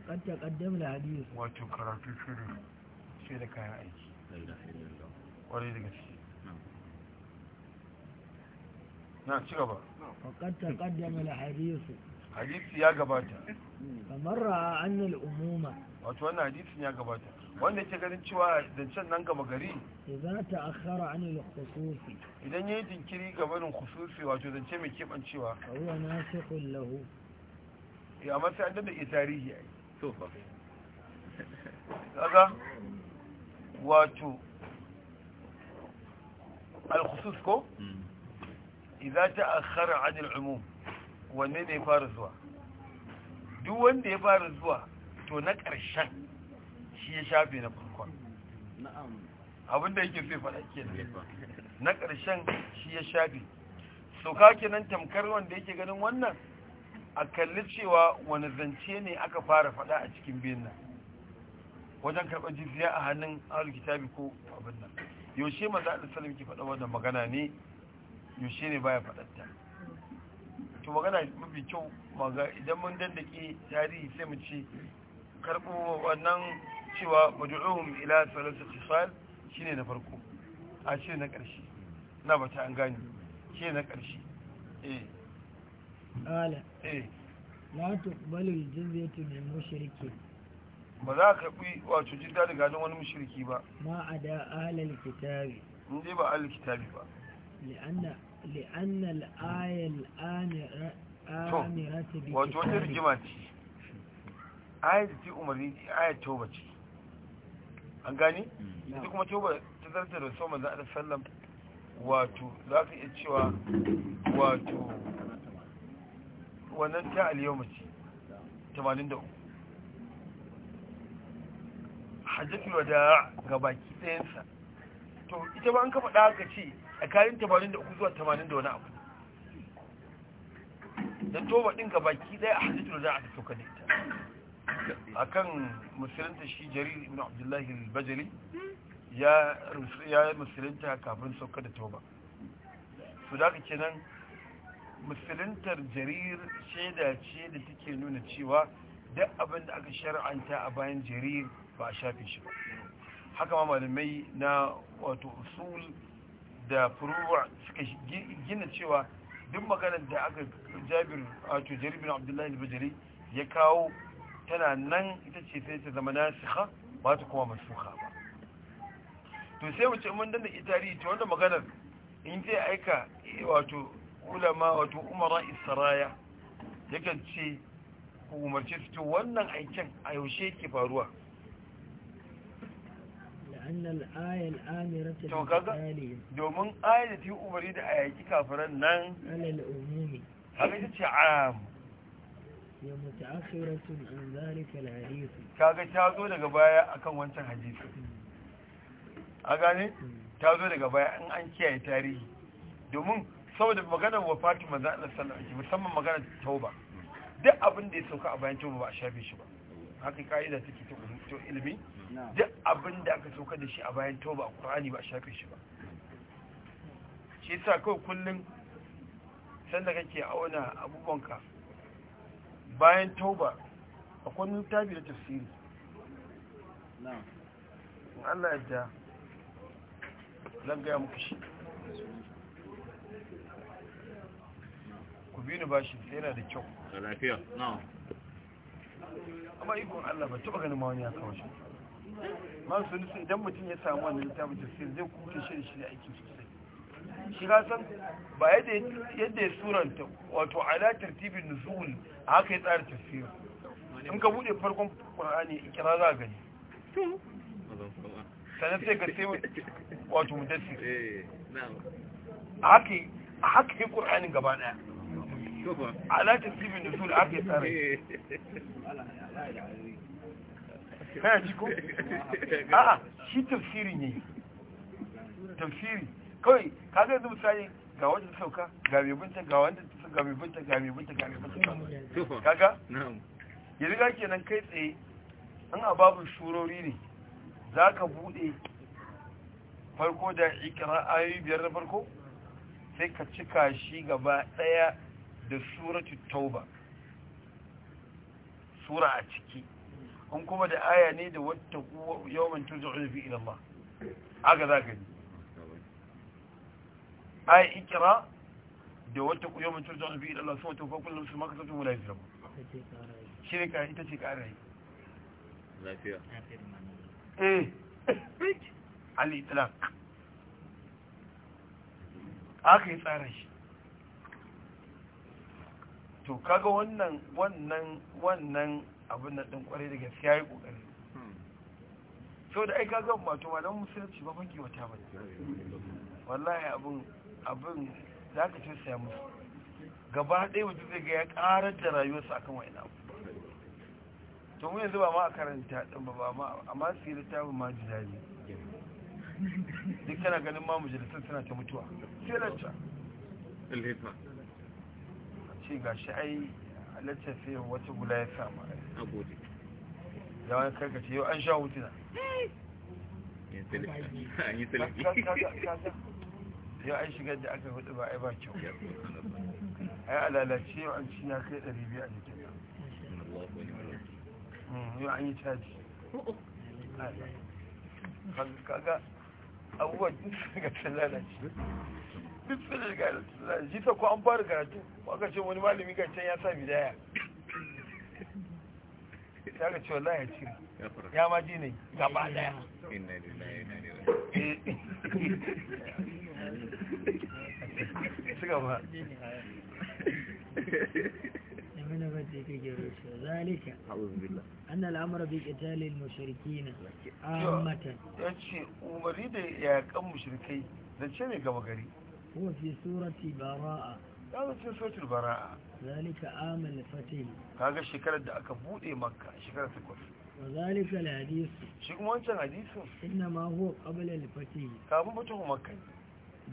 faƙar ta ƙaddam da hadis wato karatu shirin sai da kayan aiki ƙwarai da gaske na ci gaba faƙar ta ƙaddam da hadisu hadisi ya gabata kamar ra'a annal umuma wato wannan hadisin ya gabata wanda ke ganin cewa zancen nan gaba gari idan ta akhara an al-khususi idan yayin jinkiri gaban al-khususi wato zance mai kebancewa huwa nasikhun lahu ya eh, amma sai an da tarihi ai to fa kaga wato al-khusus ko hmm. idza ta'akhkhara 'an al wanne ne fara zuwa duk wanda ya fara zuwa to na ƙarshen shi ya shafe na farkon abinda yake sai faɗa kenan na ƙarshen shi ya shafe so kake nan tamkar wanda yake ganin wannan a kalli cewa wani zance ne aka fara faɗa a cikin biyun nan wajen karɓar jiziya a hannun ahlul kitabi ko abin nan yaushe maza da salim ki faɗa wannan magana ne yaushe ne baya faɗatta to magana mafi kyau maza idan mun dandake tarihi sai mu ce karɓo wannan cewa madu'uhum ila salatu tisal ne na farko a ne na ƙarshe na bata an gane ne na ƙarshe eh ƙala la tuqbalu jizyatu min mushrikin ba za ka karbi wato jidda daga hannun wani mushriki ba ma ada alal kitabi in ba alal kitabi ba li'anna li'anna al-aya al-amira amiratu bi wato wata rigima ce ayat ce umarni ayat tauba ce an Na mm. ita kuma tauba ta zartar da so manzo da sallam wato za ka iya cewa wato wannan ta aliyau tamanin 83 hajjatul wada ga baki ɗayansa to ita ba an kafa da aka ce a da 83 zuwa 80 da wani abu don toba ɗin ga baki ɗaya a hajjatul wada aka sauka da ita a kan musulunta shi jarir ibn abdullahi bajali ya musulunta kafin sauka da toba su da aka nan. musuluntar jarir shaida ce da take nuna cewa duk abin da aka shar'anta a bayan jarir ba a shi ba haka ma malamai na wato usul da furuwa suka gina cewa duk maganar da aka jabir wato jarir bin abdullahi al-bajari ya kawo tana nan ita ce sai ta zama nasiha ba ta kuma mansuha ba to sai mu mun danna itari ta wanda maganar in zai aika eh, wato ulama wato umara israya yakan ce ku umarci su wannan aikin a yaushe ke faruwa domin ayar da ta yi umari da a yaki kafiran nan haka ta ce am kaga ta zo daga baya akan wancan hadisi a gane hmm. ta zo daga baya in an kiyaye tarihi domin saboda maganar wafatin manzo Allah sallallahu alaihi musamman maganar tauba duk abin da ya sauka a bayan tauba ba a shafe shi ba haka kaida take ta to ilimi duk abin da aka sauka da shi a bayan tauba a Qur'ani ba a shafe shi ba shi yasa kawai kullun sanda kake auna abubuwanka bayan tauba akwai littafi da tafsiri na'am Allah ya da zan ga muku shi biyu ni bashi yana da kyau da lafiya na amma ikon Allah ba taba ganin ma wani ya kawo shi ma su nisan idan mutum ya samu wannan littafin tafsir zai kuke shi da shi da aiki sosai shi ka san ba yadda ya suranta wato ala tartibin nuzul haka ya tsara tafiya. in ka bude farkon in kira za a gani sanar sai ga sai wato mudassir eh, haka haka yi qur'anin gaba daya alatin sifin da sun ake tsare kana ji ko a'a shi tafsiri ne tafsiri kawai kaga yanzu misali ga wajen sauka ga mai binta ga wanda ta ga mai binta ga mai binta ga mai binta kaga ya riga kenan kai tsaye an ababin shurori ne za ka bude farko da ikira ayoyi biyar na farko sai ka cika shi gaba ɗaya. da suratu tauba sura a ciki an kuma da aya ne da wata yawon turja'un fi a aga za ka ne aya ikira da wata yawon ilfi ila ba sun wata kullum su maka satun wula ba shirin ka ita ce kara yi lafiya eh ali aka yi tsara shi to kaga wannan wannan wannan abin nan din kware da gaskiya yi kokari so da ai kaga wato ma dan musulunci ba fanki wata ba wallahi abin abin zaka ce sai musu gaba ɗaya wata zai ga ya ƙarar da rayuwarsa akan wani abu to mu yanzu ba ma a karanta din ba ba ma amma su yi littafin ma jidali duk kana ganin ma mujalisar suna ta mutuwa sai lanta ce ga shi ai littafi wata gula ya samu a gode ya wani karkace yau an sha hutuna yau an shigar da aka hudu ba yi ba kyau yi alalace yau an ci ya kai biyu a jikin mm, yau an yi caji kaga abubuwan ga sun lalace duk suna jita ko an fara karatu aka ce wani malami ga can ya sa bidaya ya ga cewa ya ci ya ma ji ne gaba daya suka ba ابن بديك جرس ذلك أن الأمر بقتال المشركين عامة يتشي أمري دي يا كم مشركي ذلك شنو كما هو في سورة براءة هذا في سورة البراءة ذلك عام الفتيل هذا الشكرة دا أكبوت مكة شكرة الكفر وذلك الحديث شكو أنت حديث إنما هو قبل الفتيل كابو بطه مكة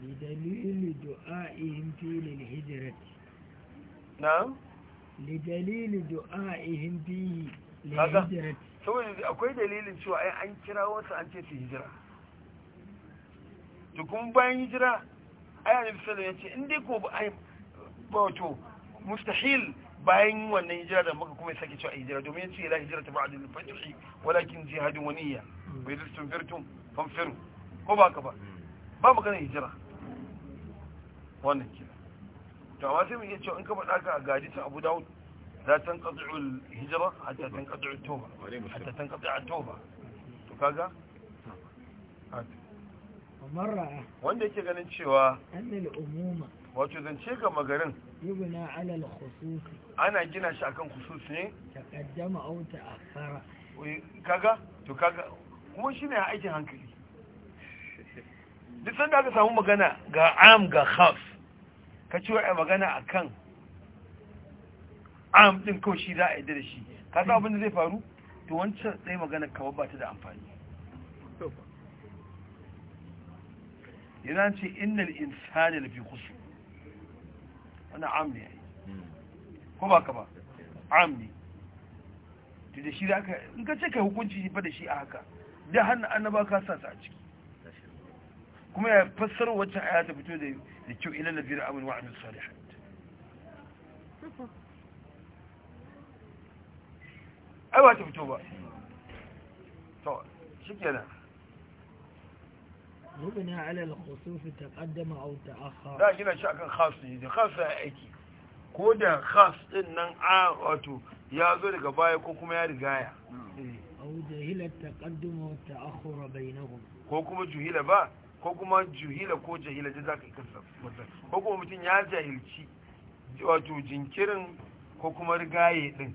لدليل دعائهم في للهجرة نعم لدليل دعائهم فيه للهجرة saboda akwai دليل cewa ai أنت kira wasu an ce su hijira tukun ai annabi sallallahu alaihi wasallam in dai ko ai wato mustahil bayan wannan hijira da muka kuma sake cewa hijira domin ya ce la hijira ta ba'da al-fath walakin jihadun waniyya bai hmm. dustun firtum fanfiru ko ba ka ba hmm. ba maganar hijira wannan kira to amma sai mu iya cewa in ka faɗa ka a gaji ta Abu Dawud la tanqati'u al-hijra a tanqati'u at-tawba hatta tanqati'a at-tawba to kaga hmm. wanda yake ganin cewa wato zance ga magarin ana gina shi akan khusus ne kaga to kaga kuma shine aikin hankali duk sanda aka samu magana ga am ga khas ka ci wa'ai magana akan am din kawai shi za a yi da shi ka sa abin da zai faru to wancan sai magana kawai ba ta da amfani yana ce inal insani lafi kusu wani amni ne ko ba ka ba amni to da shi da aka in ka ce yi hukunci ba da shi a haka da hannu annaba ka sa su a ciki kuma ya fassar wacce aya ta fito da da kyau ilan ladina amanu wa amilus salihat ai ba ta fito ba to shikenan rubina alal gina shi akan khas ne da ya aiki ko da khas din nan ya zo daga baya ko kuma ya rigaya aw jahila taqaddum wa ta'akhkhur bainahum ko kuma juhila ba ko kuma juhila ko jahila da zaka kasa ko kuma mutun ya jahilci wato jinkirin ko kuma rigaye din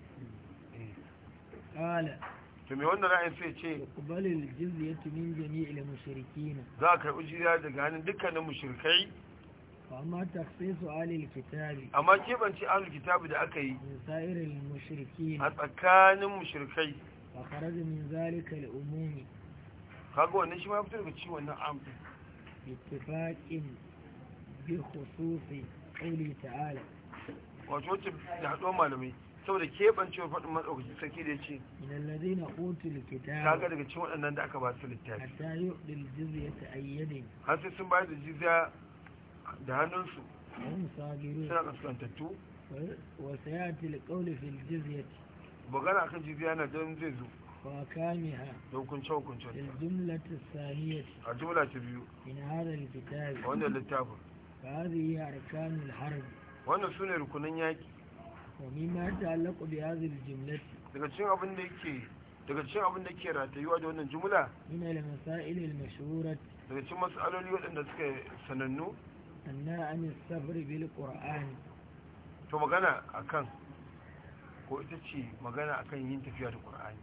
to me wanda ra'ayin sai ce kubalin jizyatu min jami'il mushrikin za ka karbi daga hannun dukkanin mushrikai amma taksisu alil kitabi amma kebanci alil kitabi da aka yi sairil mushrikin a tsakanin mushrikai fa kharaja min zalika al umumi kaga wannan shi ma fitar da ciwon nan am ittifaqin bi khususi qawli ta'ala wato da haɗo malamai saboda keɓancewa faɗin matsaukacin sarki da ya ce ta daga cikin waɗannan da aka ba su littafi a tayo ɗin har sun bayar da jiziya da hannunsu suna kaskantattu wasu ya akan na don zai zo وأحكامها الجملة الثانية الجملة تبيو wannan su ne rukunin ومما يتعلق بهذه الجملة daga cikin abin da yake daga cin abin da yake ratayuwa da wannan jumla min da masail al-mashhurat daga cikin mas'aloli waɗanda suka sanannu anna an sabr bil qur'an to magana akan ko ita ce magana akan yin tafiya da qur'ani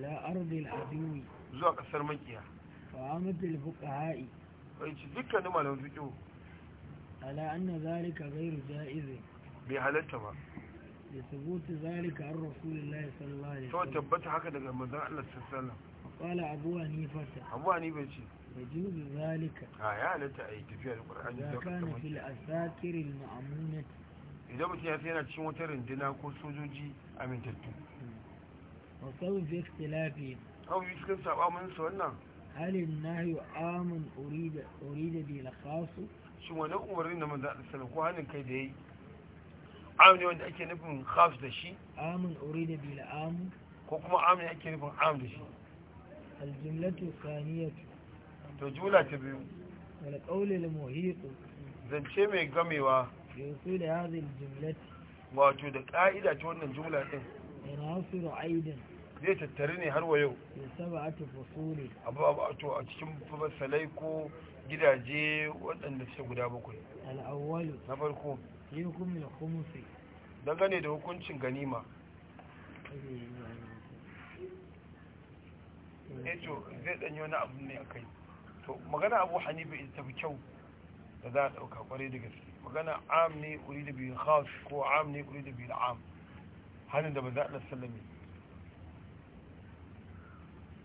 la ardi al-adwi zuwa kasar makiya fa amdal fuqaha'i wai ci dukkanin malamin fiqh ala anna zalika ghayru jaiz bi halatta ba da sabutu zalika an rasulullahi sallallahu alaihi wasallam to tabbata haka daga mazan Allah sallallahu alaihi wasallam qala abu hanifa abu hanifa Da yajuzu zalika a ya halatta ai tafiya da qur'ani da kana fil asakir al ma'munah idan mutum ya sai yana cikin wata runduna ko sojoji amintattu wa sawun fi ikhtilafi aw yi cikin sabamin su wannan halin na nahyu amun urida urida bil khasu shin wani umarni na manzon Allah sallallahu alaihi ko hannun kai da ya yi? am wanda ake nufin khaf da shi amin urida bil am ko kuma Amin ake nufin am da shi al jumlatu thaniyatu to jumla ta biyu wal qawl al muhiq zance mai gamewa yusul hadhihi al jumlati wato da ka'ida ta wannan jumla din yanasiru aidan zai tattare ne har wa yau abu a cikin fasalai ko gidaje waɗanda suke guda bakwai na farko dangane da hukuncin ganima eh to zai danyo na abu ne a kai to magana abu hanifa ita tafi kyau da za a ɗauka kwarai da gaske magana am ne uri da biyu khas ko am ne uri da biyu am hannun da ba za a sallame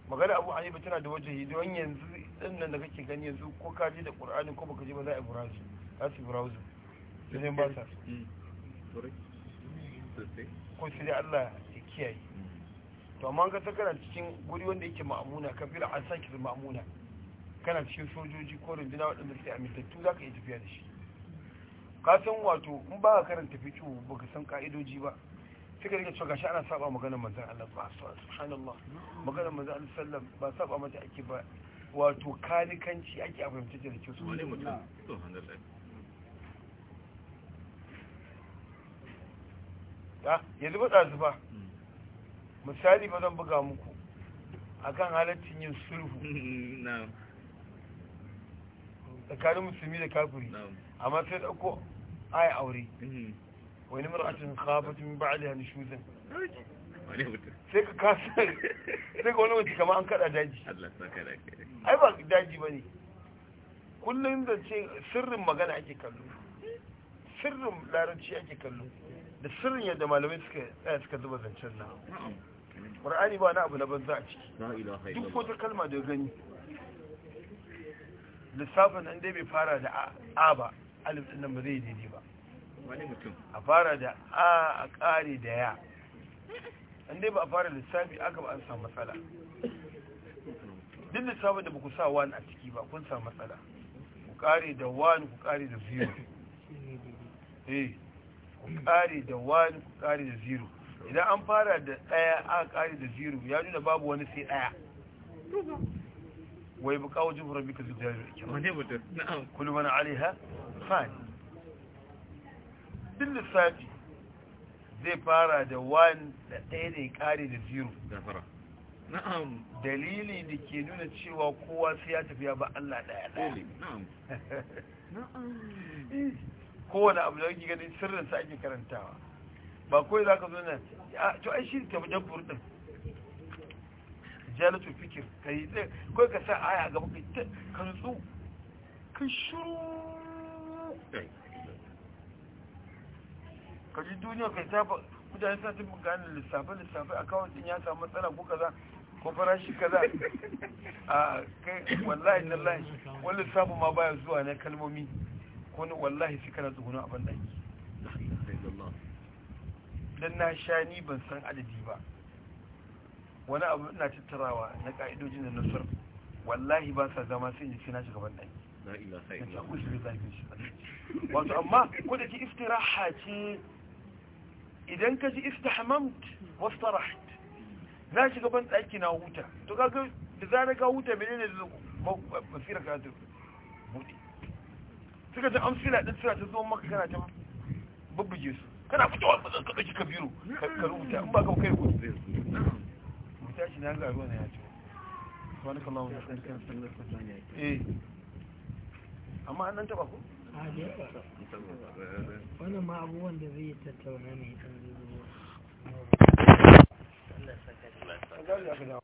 magana abu hanifa tana da waje don yanzu ɗin nan da kake gani yanzu ko kaji da ƙur'ani ko baka ji ba za a yi burazu za su yi burazu sai ba sa mm. ko Allah ya kiyaye mm. to amma ka ta kana cikin guri wanda yake ma'amuna ka fira sake saki ma'amuna kana cikin sojoji ko rundunar waɗanda yi amintattu za ka iya tafiya da shi ka san wato in ba ka karanta fito ba ka san ka'idoji ba suka rike cewa gashi ana saba maganar manzan Allah ba subhanallah maganar manzan Allah sallam ba saba mata ake ba wato kalikanci ake a fahimtar da kyau subhanallah Ah, yanzu ba zuba misali ba zan buga muku akan halaccin yin sulhu tsakanin musulmi da kafiri amma sai ɗauko aya aure mhm. wani mar'atin khafatun ba'ali hannu shuzin sai ka kasa sai ka wani wace kama an kada daji ai ba daji ba ne kullum da ce sirrin magana ake kallo sirrin larabci ake kallo da sirrin yadda malamai suka tsaya suka zuba zancen nan ƙwar'ani ba na abu na banza a ciki duk wata kalma da gani lissafin nan dai bai fara da a ba alif ɗin nan ba zai daidai ba a fara da a a ƙare da ya an dai ba a fara lissafi aka ba an samu matsala duk lissafin da ba ku sa wani a ciki ba kun samu matsala ku ƙare da wani ku ƙare da biyu ku kare da wani ku kare da zero idan an fara da daya a kare da zero ya nuna babu wani sai daya wai bu kawo jin rabbi ka zuwa yau kullum wani alaiha fani duk lissafi zai fara da wani da daya ne kare da zero dalili da ke nuna cewa kowa sai ya tafiya ba Allah daya daya kowane abu da wani gani sirrin sa ake karantawa ba kawai ka zo nan to ai shi ta wajen burdin jalatu fikir yi tsaye kawai ka sa aya gaba kai ta kantsu ka shiru ka ji duniya ka yi ta mutane sa tun gane lissafai lissafai a kawai din ya samu matsala ko kaza ko farashi kaza a kai wallahi lai wani lissafi ma baya zuwa na kalmomi Ko wani wallahi sai kana tsuguna a bandaki dan na sha ni ban san adadi ba wani abu na tattarawa na ka'idojin da na sar wallahi ba sa zama sai jiki na shiga bandaki wato amma ko da ki istiraha ce idan ka ji istihmamt wastarahat na shiga ban daki na huta to kaga da zara ka huta menene basira ka ta bude suka amsu amsila ɗin suna ta zuwa maka kana ta bubbuge su kana fito ba zan ka ɗauki kabiru ka rubuta in ba ka kai ko zai rubuta shi na ga ruwa na ya ce wani kama wani kan kan bihamdika lafa wa ya ilayk eh amma an nan taba ko wannan ma abubuwan da zai yi tattauna ne kan zuwa